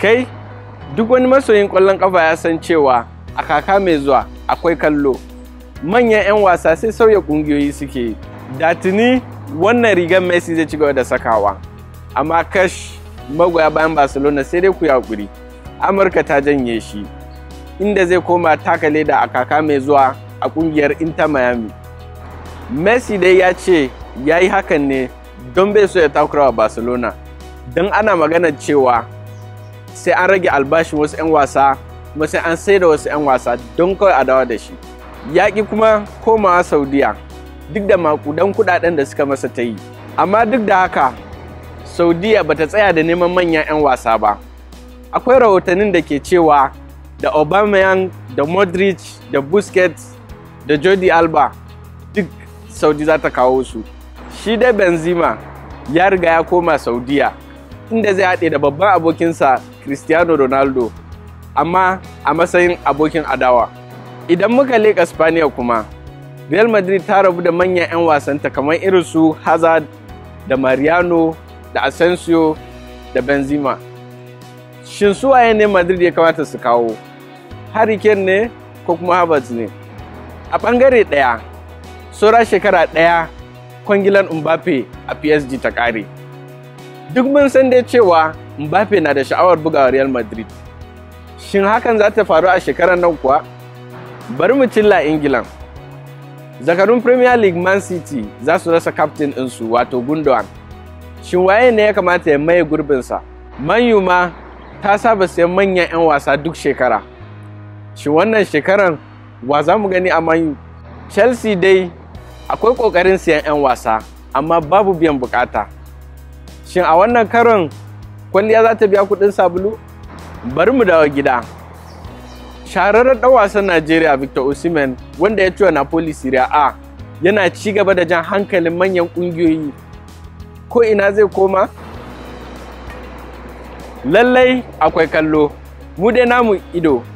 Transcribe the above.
Kai, duk wani masoyin ƙwallon ƙafa ya san cewa a kaka mai zuwa akwai kallo. Manyan 'yan wasa sai sauya ƙungiyoyi suke yi. Da tuni wannan rigar Messi zai ci gaba da sakawa. Amma kash magoya bayan Barcelona sai dai ku yaƙuri. Amurka ta janye shi, inda zai koma taka leda a kaka mai zuwa a ƙungiyar Inter Miami. Messi dai ya ce ya yi hakan ne don bai so ya takura wa Barcelona, don ana magana cewa sai an rage albashin wasu 'yan wasa kuma sai an sai da wasu 'yan wasa don kawai a da shi yaƙi kuma komawa saudiya duk da makudan kudaden da suka masa ta yi amma duk da haka saudiya ba ta tsaya da neman manyan 'yan wasa ba akwai rahotannin da ke cewa da obamayan da modric da busquets da jordi alba duk saudi za ta kawo su shi dai benzema ya riga ya koma saudiya inda zai haɗe da babban abokinsa cristiano ronaldo amma a matsayin abokin adawa idan muka leƙa spaniya kuma real madrid ta rabu da manyan 'yan wasanta kamar irin su hazard da mariano da asensio da benzema shin su waye ne madrid ya kamata su kawo hurricane ne ko kuma Harvard ne a ɓangare ɗaya saura shekara ɗaya kwangilan mbappe a psg ta ƙare duk mun san dai cewa Mbappe na da sha'awar bugawa Real Madrid. Shin hakan za ta faru a shekarar nan kuwa? Bari mu cilla Ingilan. Zakarun Premier League Man City za su rasa captain ɗinsu wato Gundogan. Shin waye ne ya kamata ya maye gurbinsa? Manyu ma ta saba sayan manyan 'yan wasa duk shekara. Shin wannan shekaran wa za mu gani a Manyu? Chelsea dai akwai ƙoƙarin sayan 'yan wasa amma babu biyan bukata. shin a wannan karon kwalliya za ta biya kuɗin sabulu bari mu dawo gida shahararren ɗan wasan najeriya victor osimhen wanda ya ciwa napoli serie a yana ci gaba da jan hankalin manyan ƙungiyoyi ko ina zai koma lallai akwai kallo mu dai namu ido